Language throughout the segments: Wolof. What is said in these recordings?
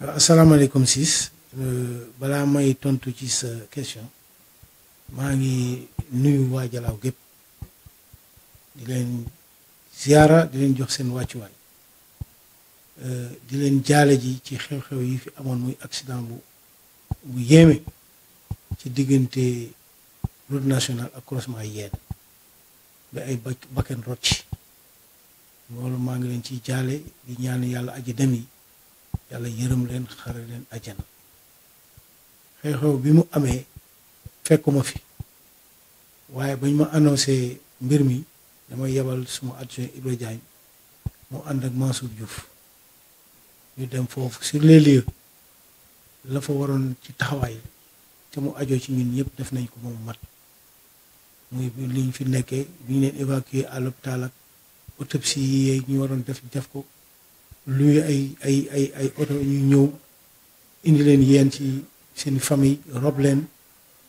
waaw euh, asalaamaaleykum sis euh, balaa may tontu ci sa question maa ngi nuyu waa Jalaaw gépp di leen ziara di leen jox seen wàccuwaay euh, di leen jaale ji ci xew-xew yi fi amoon muy accident bu bu yéeme ci diggante route nationale ak croisement yeen ba ay bakken rocc loolu maa ngi leen ciy jaale di ñaan yàlla aji dem yi yàlla yërëm leen xare leen ajjana xew-xew bi mu amee fekkuma fi waaye bañ ma annoncé mbir mi dama yebal suma adjoint Ibra Diagne mu ànd ak Mansour Diouf ñu dem foofu sur les lieux la fa waroon ci taxawaay te mu ajoo ci ñun ñëpp def nañ ko moom mat muy liñ fi nekkee bi ñu leen évacué à ak autopsie yi ñu waroon def def ko luy ay ay ay ay oto ñu ñëw indi leen yéen ci seen famille rob leen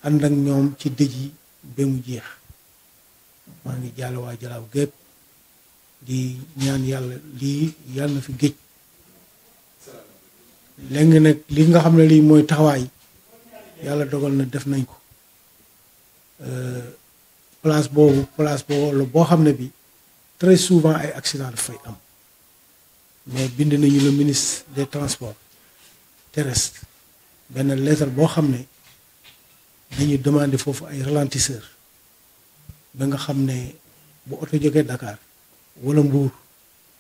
ànd ak ñoom ci dëj yi ba mu jeex maa ngi jàll waa Jalaaw gépp di ñaan yàlla lii yàlla na fi géej léegi nag li nga xam ne lii mooy taxawaay yàlla dogal na def nañ ko euh, place boobu place boobu la boo xam ne bi très souvent ay accident dafay am mais bind nañu le ministre des transports terrestres benn lettre boo xam ne dañuy demande foofu ay ralentisseur ba nga xam ne bu oto jógee Dakar wala Mbour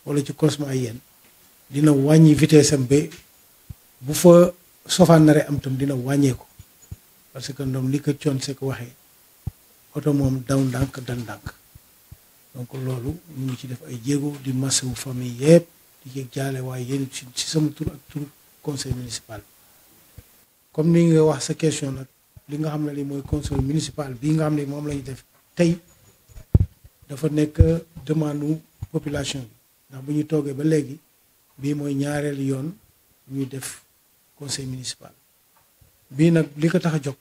wala ci Cosma ay yéen dina wàññi vitesse am bu fa sofaan nare am tam dina wàññeeku parce que ndoom li ko coon se ko waxee oto moom daw ndànk dal ndànk donc loolu mu ngi ci def ay jéego di masawu famille yépp di jéeg jaale waaye yéen ci sama tur ak tur conseil municipal comme ni nga wax sa question nag li nga xam ne li mooy conseil municipal bii nga xam ne moom la def tey dafa nekk demande population bi ndax bu ñu toogee ba léegi bii mooy ñaareel yoon ñuy def conseil municipal bii nag li ko tax a jóg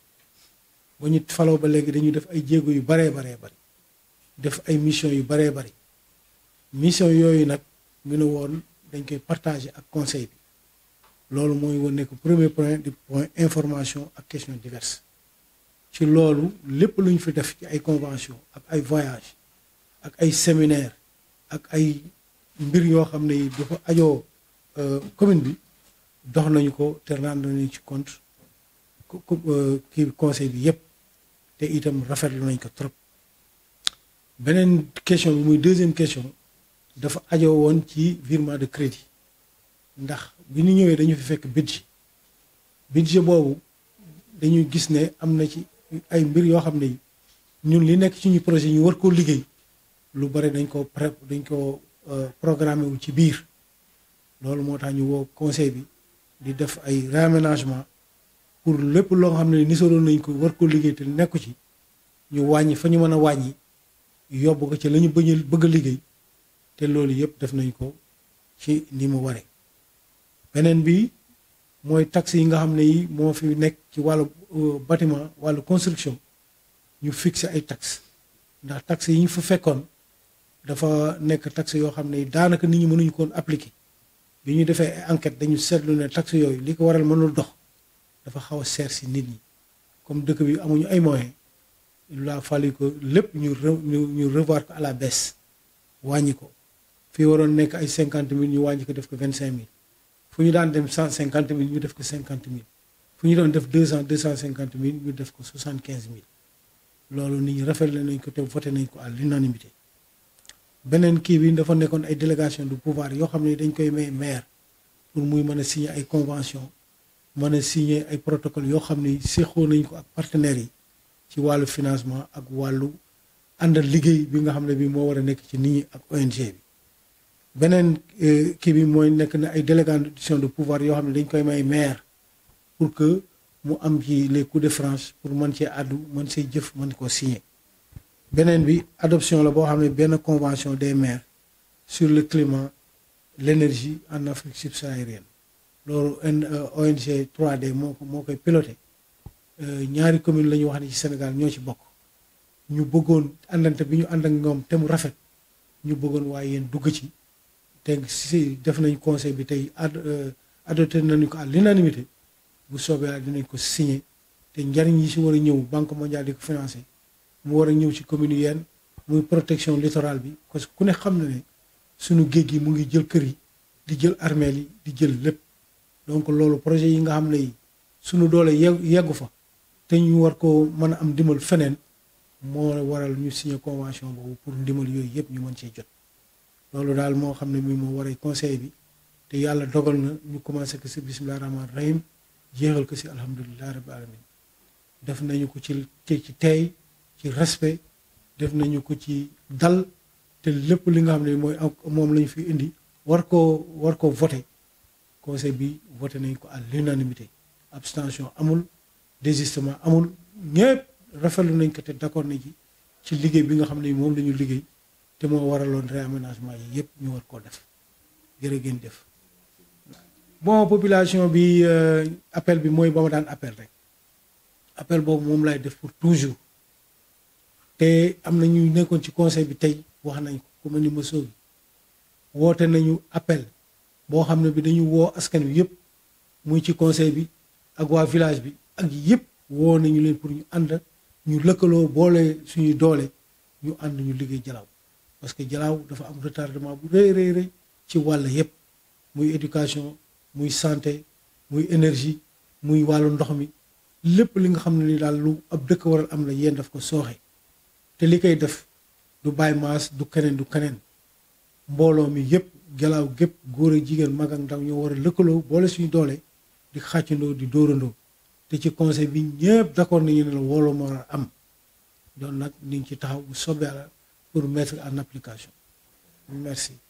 ba ñu faloo ba léegi dañuy def ay jéego yu baree baree bari def ay mission yu baree bari mission yooyu nag ñu ne woon dañ koy partager ak conseil bi loolu mooy woon nekk premier point du point information ak questions diverses ci loolu lépp lu ñu fi def ci ay convention ak ay voyage ak ay séminaire ak ay mbir yoo xam ne yi dafa ajoo euh, commune bi dox nañu ko te rendre nañu ci compte euh, kii conseil bi yépp te itam rafetlu nañ ko trop beneen question bi muy deuxième question dafa ajo woon ci virement de crédit ndax bi ñu ñëwee dañu fi fekk budget budget boobu dañuy gis ne am na ci ay mbir yoo xam ne ñun li nekk ci ñu projet ñu war koo liggéey lu bare dañ koo pré dañ ko euh, programmé wu ci biir loolu moo tax ñu woo conseil bi di def ay réaménagement pour lépp loo xam ne ni nisaloon nañ ko war koo liggéey te nekku ci ñu wàññi fa ñu mën a wàññi yóbbu ko ci la ñu bëgg a liggéey te loolu yëpp def nañ ko ci ni mu ware beneen bi mooy taxe yi nga xam ne yi moo fi nekk ci wàllu euh, batiment wàllu construction ñu fixé ay tax ndax taxe yi ñu fa fekkoon dafa nekk taxe yoo xam ne daanaka nit ñi mënuñu koon appliquer bi ñu defee enquête dañu seetlu ne tax yooyu li ko waral mënul dox dafa xaw a seer si nit ñi comme dëkk bi amuñu ay moyen il a fallu que lépp ñu ñu revoir ko à la baisse wàññi ko fii waroon nekk ay cinquante mille ñu wàññi ko def ko vingt cinq mille fu ñu daan dem cinquante mille ñu def ko cinquante mille fu ñu doon def deux cent deux cent cinquante mille ñu def ko soixante quinze mille loolu nit ñi rafetlu nañ ko te voté nañ ko à l'unanimité beneen kii bi dafa nekkoon ay délégation du pouvoir yoo xam ne dañ koy may maire pour muy mën a signer ay convention mën a signer ay protocole yoo xam ne séqoo nañ ko ak partenaires yi ci wàllu financement ak wàllu àndal liggéey bi nga xam ne bi moo war a nekk ci nit ñi ak ONG bi benen eh, kii bi mooy nekk na ay délégation de pouvoir yoo xam ne dañ koy may maire pour que mu am ci les coups de France pour mën cee addu mën see jëf mën koo signer beneen bi adoption la boo xam ne benn convention des maires sur le climat l'énergie en Afrique subsaharienne loolu eh, ONG 3D moo ko moo koy piloté eh, ñaari commune la ñu wax ne ci Sénégal ñoo ci bokk ñu bëggoon àndante bi ñu ànd ak ñoom te mu rafet ñu bëggoon waaye yéen dugg ci te si def nañ conseil bi tey euh, adopté nañu ko à l'unanimité bu soobee yàlla dinañ ko signe te njariñ yi si war a ñëw banque mondiale di ko financé mu war a ñëw si commune yenn muy protection littorale bi parce que ku xam na ne suñu géej gi mu ngi jël kër yi di jël armeel yi di jël lépp donc loolu projet yi nga xam ne yi suñu doole yeggu fa te ñu war ko mën a am ndimbal feneen moo waral ñu signé convention boobu pour ndimbal yooyu yëpp ñu mën cee jot loolu daal moo xam ne mi moo waree conseil bi te yàlla dogal na ñu commencé ko si bisimilah rahmaani rahim jeexal ko si alhamdulilah rabbi alamin def nañu ko ci ci tey ci respe def nañu ko ci dal te lépp li nga xam ne mooy moom lañu fi indi war koo war koo voté conseil bi voté nañ ko à l'unanimité abstention amul désistement amul ñëpp rafetlu nañ ko te d'accord na ji ci liggéey bi nga xam ne moom la ñu liggéey te moo waraloon réaménagement yi yëpp ñu war koo def jërë ngeen def bon population bi euh, appel bi mooy ba daan appel rek appel boobu moom laay def pour toujours te am na ñu nekkoon ci conseil bi tey wax nañ ko ku mel ni Moussa bi woote nañu appel boo xam ne bi dañu woo askan wi yëpp muy ci conseil bi ak waa village bi ak yëpp woo nañu leen pour ñu ànd ñu lëkkaloo boole suñuy doole ñu ànd ñu liggéey Jalaw parce que Jalaaw dafa am retardement bu rëy rëy rëy ci wàll yépp muy éducation muy santé muy énergie muy wàllu ndox mi lépp li nga xam ne ni daal lu ab dëkk waral am la yéen daf ko sooxee te li koy def du bàyyi maas du keneen du keneen mbooloo mi yépp Jalaaw gépp góor ak jigéen mag ak ndaw ñoo war a lëkkaloo boole suñu doolee di xàccandoo di dóorandoo te ci conseil bi ñëpp d'accord nañu ne la wooloo moo war a am doon nag ni ngi ci taxaw bu soobee Yàlla pour mettre en application. Merci.